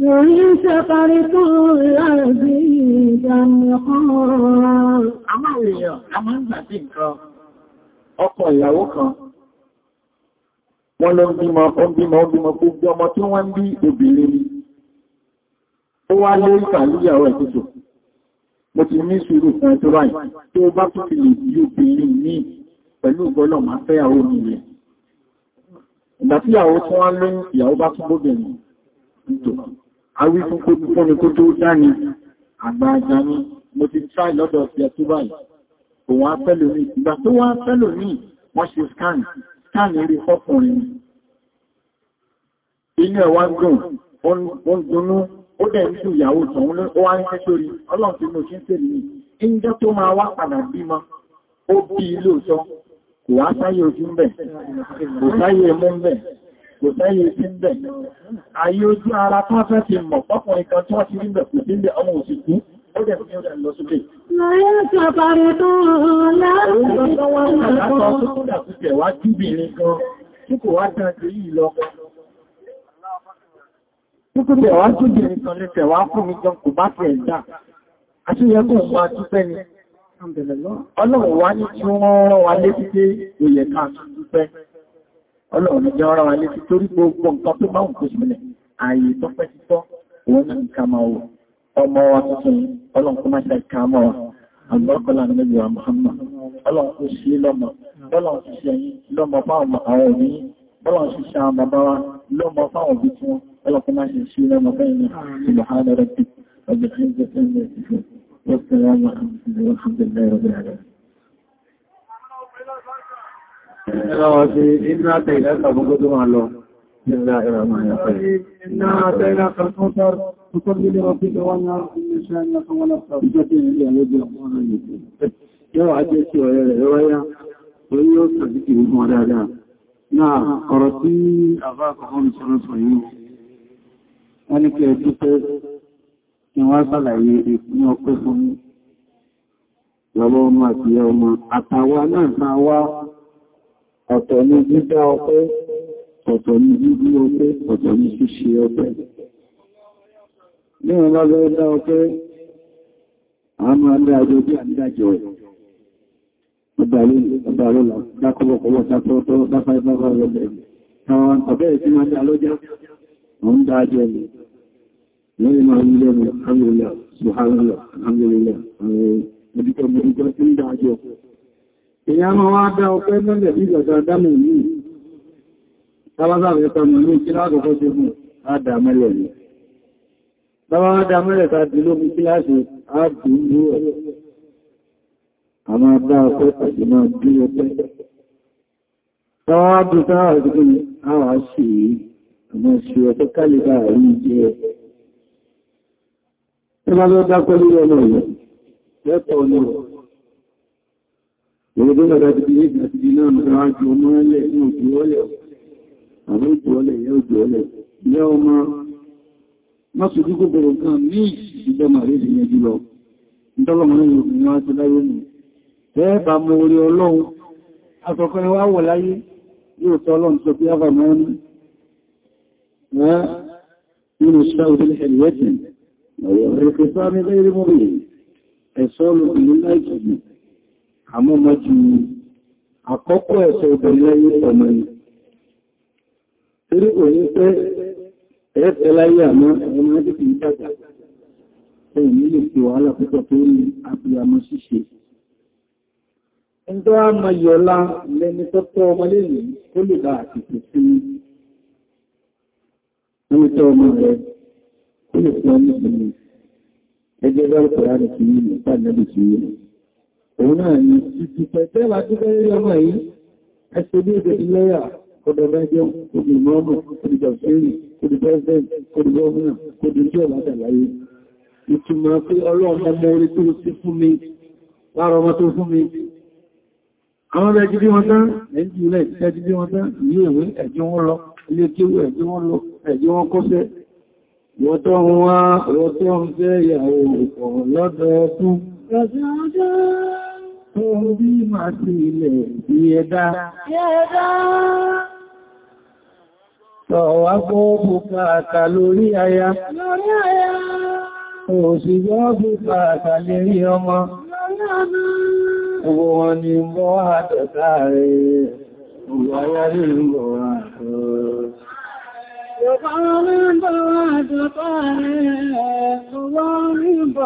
Ìrìn ṣẹ́parí tó lára sí ìdánilẹ́kọ́. A máa lè yọ, a máa ń gbà sí nǹkan ọkọ ìyàwó kan. Wọ́n lọ bímọ, ó bímọ, ó bímọ kó gbé ọmọ tí wọ́n ń bí obìnrin ni. Ó wá lórí pàlú ìyàwó ẹ̀tùtù. Mo ti ní sùúrù fún ẹ tó ráì, tó bá tún fi lè bí obìnrin ní pẹ̀lú ìgbọ́lọ̀ máa fẹ́yàwó mi rẹ̀. Ìgbà tí ìyàwó tí awí fún fún mi kó tó dáni àgbààgbà ni mo ti try lọ́dọ̀ ọ̀fẹ́ tó báyìí òun apẹ́lò ní ìgbà tó wá apẹ́lò ní wọ́n ṣe scan scan rí fọ́kùnrin inú ẹ̀ wá gùn ó ń dunnú ó dẹ̀ ń dùn ìyàwó tọ̀hún ó wá ń fẹ́ sórí ọlọ́run tí mo ṣe ń tẹ̀lé ní ìjọ tó máa wá padà bímọ ó bí ilé òsọ kò wá sáyé ojú kò sẹ́yẹ sí ń bẹ̀. Ayé ojú ara tó fẹ́ ti mọ̀ pọ́pọ̀ nǹkan tó wá ti rí bẹ̀ kò sí ń ọmọ òsìkú ó dẹ̀ fi ó lọ sókè. Láyé Ọlọ́run wá ní tí wọ́n rán wa létí pé òyẹ̀ká dúpẹ́ ọlọ́run jẹ́ ọ̀rọ̀ wa létí torí gbogbo nǹkan tó máa ń kó sílẹ̀ ààyè tó pẹ́ títọ́ òun náà ká máa wò ọmọ wa tuntun ọlọ́run kó máa ṣe ká mọ́ wa àgbọ́kọ̀lá níbi wa Muhammad ọlọ́run kó ṣe lọ́mọ ọlọ́run kó ṣe ẹ̀yìn lọ́mọ fáwọn àwọn òní ọlọ́run kó ṣe àwọn bàbá wa lọ́mọ fáwọn òbí tí wọ́n ọlọ́run kó máa ṣe ṣe lọ́mọ fẹ́yìn ní subhanahu rabbi rabbi ẹ̀yìn ẹlọ́wọ́ sí iná àtẹ̀ ìlẹ́ta gbogbo tó máa lọ nílá ìrànmà ìyàfẹ́ iná àtẹ̀ ìlẹ́ta tó tọ́rọ tó tọ́rọ ilé ọ̀fẹ́ ìjọwọ́n náà ìṣẹ́ ìlẹ́ta wọ́n lọ́pàá ìjọ́ tí ilé àlejò ọmọ rẹ̀ yìí yóò ajé sí ọ̀rẹ́ rẹ̀ rọ́yá orí yóò tàbí kì í mọ́ dáadáa náà ọ̀rọ̀ tí àbá àkọ́kọ́ mi sọ́rọ̀ sọ yìí wọ́n ní kí ẹ dúpẹ́ kí wọ́n sàlàyé ìpín ọpẹ́ fún mi lọ́wọ́ ọmọ àti ọmọ àtàwà náà ọ̀tọ̀ ni dídá ọpẹ́ ọ̀tọ̀ ni dídí ọpẹ́ ọ̀tọ̀ ni ṣíṣe ọpẹ́ ní ọlá lọ dá ọpẹ́ àmà alẹ́ àjọ bí ànídájọ́ ẹ̀ ọdàlọ́lá dákọ̀ọ́kọ̀ọ́ sátọ́tọ́ dáfàífàfà rẹ̀ àwọn ọ̀bẹ́ ìsí máa dá lọ́já wọ́n dájọ́ ẹ̀ lórí máa ń lẹ́nu alhamdulillah subhanallah alhamdulillah èyàn máa wá dá ọpẹ́ mọ́lẹ̀ ní ìgbàgbà dámù yìí tàbátàbẹ̀ tọmọ ní kí láàkọ́kọ́ sí fún àdàmẹ́lẹ̀ ni tàbátàmẹ́lẹ̀ tàbí lóbi kíláàsì àdúgbò àmà dá ọpẹ́ pẹ̀lú máa bí ọpẹ́ tàbátàbẹ̀ tàbí Ìwọ̀dé lọ́dá ti bí ìgbà ti náà mọ́ra jù ọmọ ẹlẹ̀ ní òjò ọlẹ̀ àwọn òjò ọlẹ̀ yẹ òjò ọlẹ̀. Ìyá ọmọ mọ́sùdí gbogbo nǹkan ní ìjọmà rẹ̀ ìyẹn jùlọ. Ìtọ́lọ̀mọ́ ní obìnrin wá ti láyé nù. Bẹ́ẹ̀ bá mọ orí ọlọ́run, afọ́kọ́ wá wọ̀ láyé yóò tọ́ ọlọ́run tó fi áfà mọ́ ní. Wọ́n nínú ṣáwọ́dé ẹ̀rẹ̀wẹ̀tì, ọ̀rẹ́ àmúmọ́jú àkọ́kọ́ ẹ̀sọ obìnrin lẹ́yìn ọmọ ni torí òyìn pé ẹ̀ẹ́fẹ́ láyé àmọ́ ẹ̀mọ́ ti fi dàgbà ẹ̀yìn lè fi wàhálà púpọ̀ tó ní abiyamọ ṣíṣe ẹ̀ndọ́ àmà yọ̀lá lẹ́ni tọ́tọ́ ọmọlé yìí tó lè bá àtìkù sí ní tọ́ ọmọ rẹ̀ kó lè fún ọmọ ìgbìmọ̀ ẹgbẹ́ bá ọkọ̀ rẹ̀ kìí ní ìpàdé òun náà ni ìpìpẹ̀ tẹ́lá tí bẹ́ ọmọ yìí ẹsẹ̀ ní èdè iléyà kọdọ̀bẹ́jọ́ kòdì mọ́mọ̀ kòdì jọ̀sẹ́rì kòdì president kòdì gọ́ọ̀nà kòdì jọ látàláyé ìtumọ̀ tó sí fún mi lára ọmọ tó fún àwọn ọmọ Mo bí máa sí ilẹ̀ bí ẹ̀dá. Ẹ̀dá. Tọ̀wà kó bùkátà lórí aya. Lórí aya. Òṣìgbọ́ bùkátà lérí ọmọ. Lórí ọmọ. Gbogbo wọn ni mọ́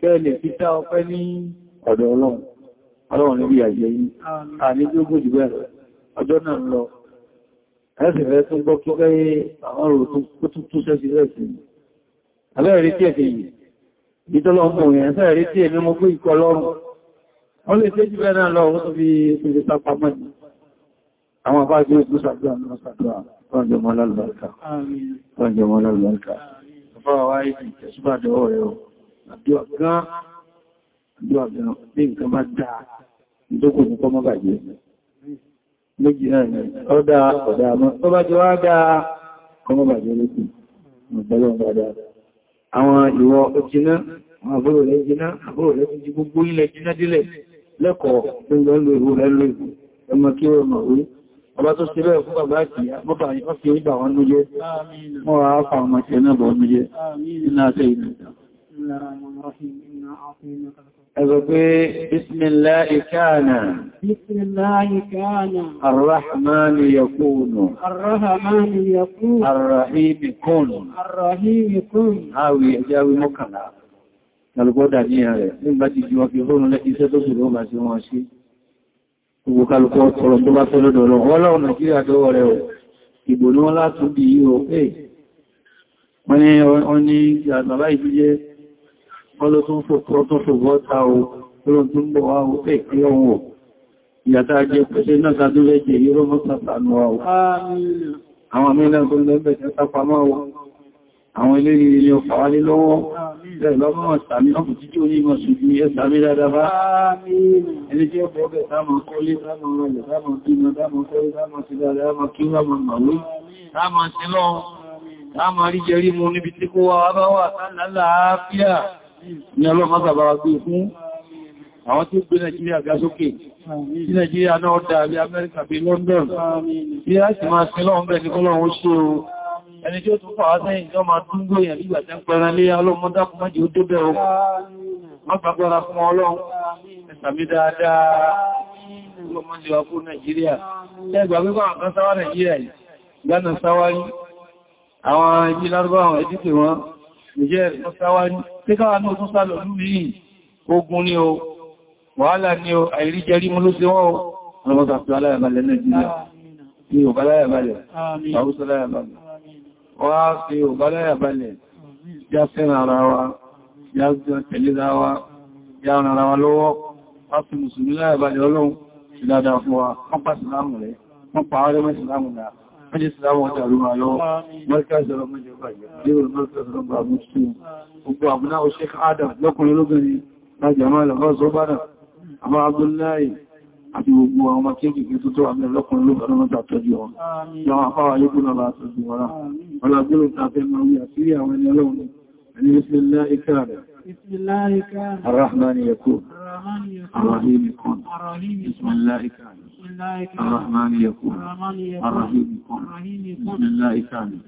kẹ́lẹ̀ fi dá ọpẹ́ ní ọ̀dọ̀ ọlọ́run ọlọ́run níbi àjẹ́ yìí a ní bí ó gbò jù bẹ́ẹ̀ ọjọ́ náà lọ ẹ̀sìn rẹ̀ tó gbọ́ kí rẹ̀ àwọn ọ̀rọ̀ tó tún tún sẹ́sì rẹ̀ sí abẹ́rẹ̀ tí ẹ̀fẹ̀ yìí ìtọ́lọ́mọ̀ yẹn sẹ́rẹ̀ tí ẹ̀mí mọ́ pé ìkọ lọ́rùn wọ́n lè tẹ́jú bẹ́ẹ̀ náà lọ wọ́n tó fi ṣe sápamọ́ àwọn afá tí ó tún sàdúrà náà sàdúrà rọ́njọ mọ́ lálùbáríkà àdúrà gan àdúrà gan bí nǹkan bá dáa ìjókòó ní kọ́mọ́ bàjẹ́ méjì náà ni ọ̀dá ọ̀dá mọ́ tó bá jẹ́ wá dáa kọ́mọ́ bàjẹ́ lókù ọ̀pọ̀lọ́ dáadáa àwọn ìwọ òjìná àwọn àbúrò rẹ̀ jìná àbúrò rẹ̀ jí gbogbo ilẹ̀ jìná dílẹ̀ lẹ́kọ̀ọ́ tó ń lọ ń lo ìwò rẹ̀ lórí ọmọ kí ó mọ̀ orí ọba tó ṣe bẹ́ẹ̀ fún bàbá àti bọ́bà ìfọ́fẹ́ ìgbà wọn ló jẹ́ wọ́n wá Ẹgbẹ̀ pé Bismillahi kana. Bismillahi kana. Ar-Rahmani yakunu. Ar-Rahmani yakunu. Ar-Rahimi kunu. Ar-Rahimi kunu. Awi ẹjáwí mọ́kànlá. Kàlùkọ́dà ní ẹ̀rẹ̀ nígbà ti jí wọ́n fi hóòrùn lẹ́ iṣẹ́ tó ṣùgbọ́n bá sí wọn sí. Gbogbo kàlùkọ́ ọ̀rọ̀ tó bá tọ́lọ́ dọ̀rọ̀. Wọ́n lọ́wọ́ Nàìjíríà dọ́wọ́ rẹ̀ ò. Ìbò látún bí yíò. Wọ́n ní ọ̀ní àgbàbá ìbíjẹ́ wọ́n ló tún fòkúrọ́ tó fògọ́ta o ló tún bọ̀ wá o pé ìpínlẹ̀ ohun ìyàtà jẹ́ pẹ̀lẹ̀ náà sàdúrẹ́ jẹ́ irọ́ mọ́sàtànù wa o àwọn mílẹ̀ tó lẹ́bẹ̀ tẹ́ sápamọ́ o àwọn ilé ilé ọkà wálé lọ́wọ́ lẹ́gbọ́n sàmì ọkù títí ó ní mọ̀ ṣùgbù yẹ sàmì dáadáa ẹni tí ó bẹ̀ẹ̀bẹ̀ sáàmà kọ́lé sáàmà rẹ̀ sáàmà bímọ sáàmà kọ́lé sáàmà sí kí ní ọlọ́pàá sàbára gbé fún àwọn tí ó gbé Nàìjíríà ga sókè tí Nàìjíríà náà dà bí Amẹ́ríkà bí London tí a sì máa sin lọ́wọ́n bẹ́ẹ̀ ní kọ́lọ́wọ́ ṣe o ẹni tí ó tún fà á sẹ́yìn tó máa tún gbóyàn nígbà tẹ́ ń pẹran lé ọlọ́mọdákùnmọ́jì ó débẹ̀ o má gbàgbára fún Ọlọ́run ẹ̀sàmí dáadáa ọlọ́mọdé wa fún Nàìjíríà ẹgbà gbígbà kan sáwá àwọn ẹjí lárúbáwọn ẹjí pè wọ́n tí káwà náà tún lórí ogun ni o wàhálà ni o àìríjẹrí mú ló sí wọ́n o ọlọ́gbọ́ta fi aláyàbalẹ̀ nàìjíríà ní òbáláyàbalẹ̀ àwúsọ́láyàbalẹ̀ wá sí òbáláyàbalẹ̀ já sẹ́nà ara wa já tẹ̀lé dáwà já ran ara wa lọ́wọ́ wá sí mùsùlùmí láyàbalẹ̀ ọlọ́run sí dáadáa fún wa wọ́n pàṣẹ láàmù rẹ̀ wọ́n pàwárẹ́ mẹ́sìlámù náà Ajé ìsìlámù ọjà ló máa lọ́wọ́, mọ́ríkà gbogbo àbúná Sheikh Adam lọ́kùnrin lóbìnrin lájàmọ́lẹ̀ ọ́sọ́ bára àmá Abdullahi àti gbogbo àwọn ọmọ kéèkèé tó tó àmì ọlọ́kùnrin lóbìnrin wọn tàtọ́jú wọn láwọn afáwà yóò náà látọ́jú wọn ọlágbóòrò tàfẹ́ máa wí الرحمن يكون الرحيم يكون بسم الله كامل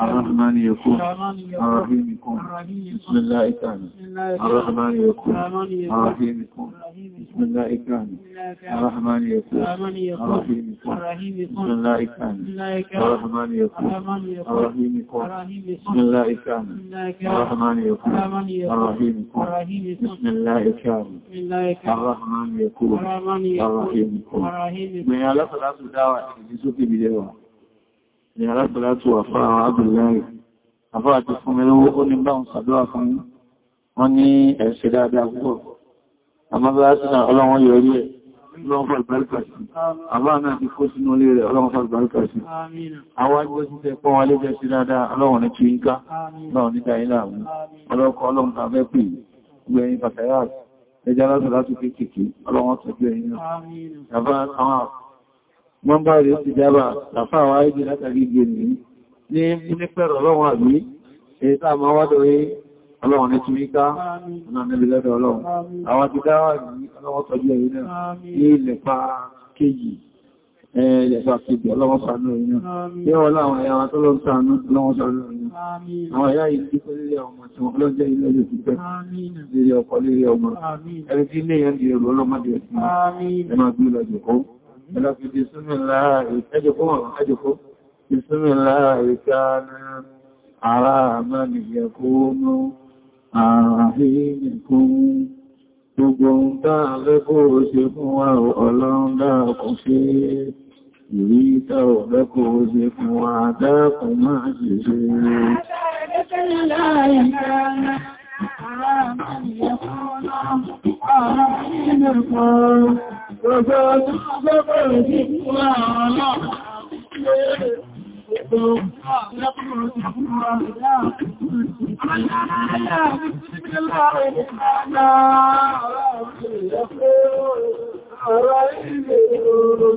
الرحمن يكون الرحيم يكون بسم الله كامل الرحمن يكون الرحيم يكون بسم الله كامل الرحمن يكون الرحيم يكون بسم الله كامل الرحمن يكون الرحيم يكون بسم الله كامل الرحمن يكون الرحيم يكون بسم الله كامل الرحمن يكون الرحيم يكون Gbìyàn alásọ̀látù dáwà ìdí sókè bí lẹ́wà. Gbìyàn alásọ̀látù àfáà àwọn Abdullahi. Àfáà ti fún mi lówó ó ní bá ń sàdọ́wà fún wọn ní ẹ̀ṣẹ̀ dáadáa púpọ̀. Àmọ́bàásínà ọlọ́wọ́n yọ orí ẹ̀ lọ́wọ́ fàlbáríkà sí. Àbá náà ti kó sínú orí rẹ̀ ọlọ́wọ́ fàlbáríkà sí. Àwọn agbẹ́ sí tẹ́ pọ́n alé jẹ́ sí ẹjá lásìlá tó kí kìkì ọlọ́wọ́n tó gbé ẹ̀yìn mọ́mbà rẹ̀ ti jábà tàfà wà ìdí látàrí ìgbè ní ní nípẹ̀rọ ọlọ́run àbí èyí tàà máa wá lórí ọlọ́run ní túnmíká náà níbi lẹ́dọ̀ ọlọ́run àwọn ti dáwà ní ọlọ́run tọ́jú ẹ̀yìn náà ní ilẹ̀ pa kéyìí ẹ̀yẹ̀fà kìbì ọlọ́wọ́ sàánú ìyàn yẹ́ ọlá àwọn ẹ̀yà wa tó lọ sàánú lọ́wọ́ sàánú ìyàn àwọn ẹ̀yà ìdí tó lé ọmọ tí wọ́n lọ́jẹ́ ilẹ̀ yóò ti pẹ́ lórí ọkọ̀ lórí ọmọ ẹ̀rẹ́ tí gbogbo ń dáa lẹ́kọ́ ṣe fún wa ọlọ́run dáa kò ṣe é ìrítà ọ̀fẹ́kọ̀ oṣe fún wa máa ṣe ṣe Ọ̀rọ̀ ilé ìrọ̀rùn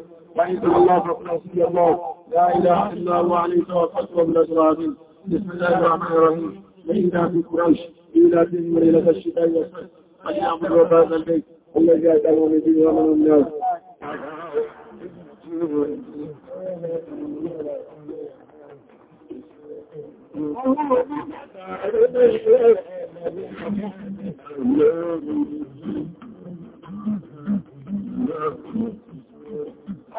فإن الله فقنا سي الله لا إله إلا هو عليه توكلت وبلا جراثيم بسم الله الرحمن الرحيم لإنا في قريش إيلاتهم وليلة الشتاء والصيف فليعبدوا رب هذا البيت الذي أتاه من دين ومن الناس Thank you.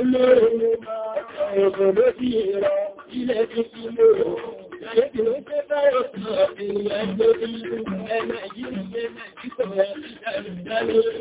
olóòrùn ẹ̀kọ̀dó sí ìrọ̀ ilẹ̀ tó kí lóòrùn Ẹgbẹ́ ìgbẹ́ báyọ̀ sí ọ̀pẹ̀ ìwẹ̀ ẹgbẹ́ ìlú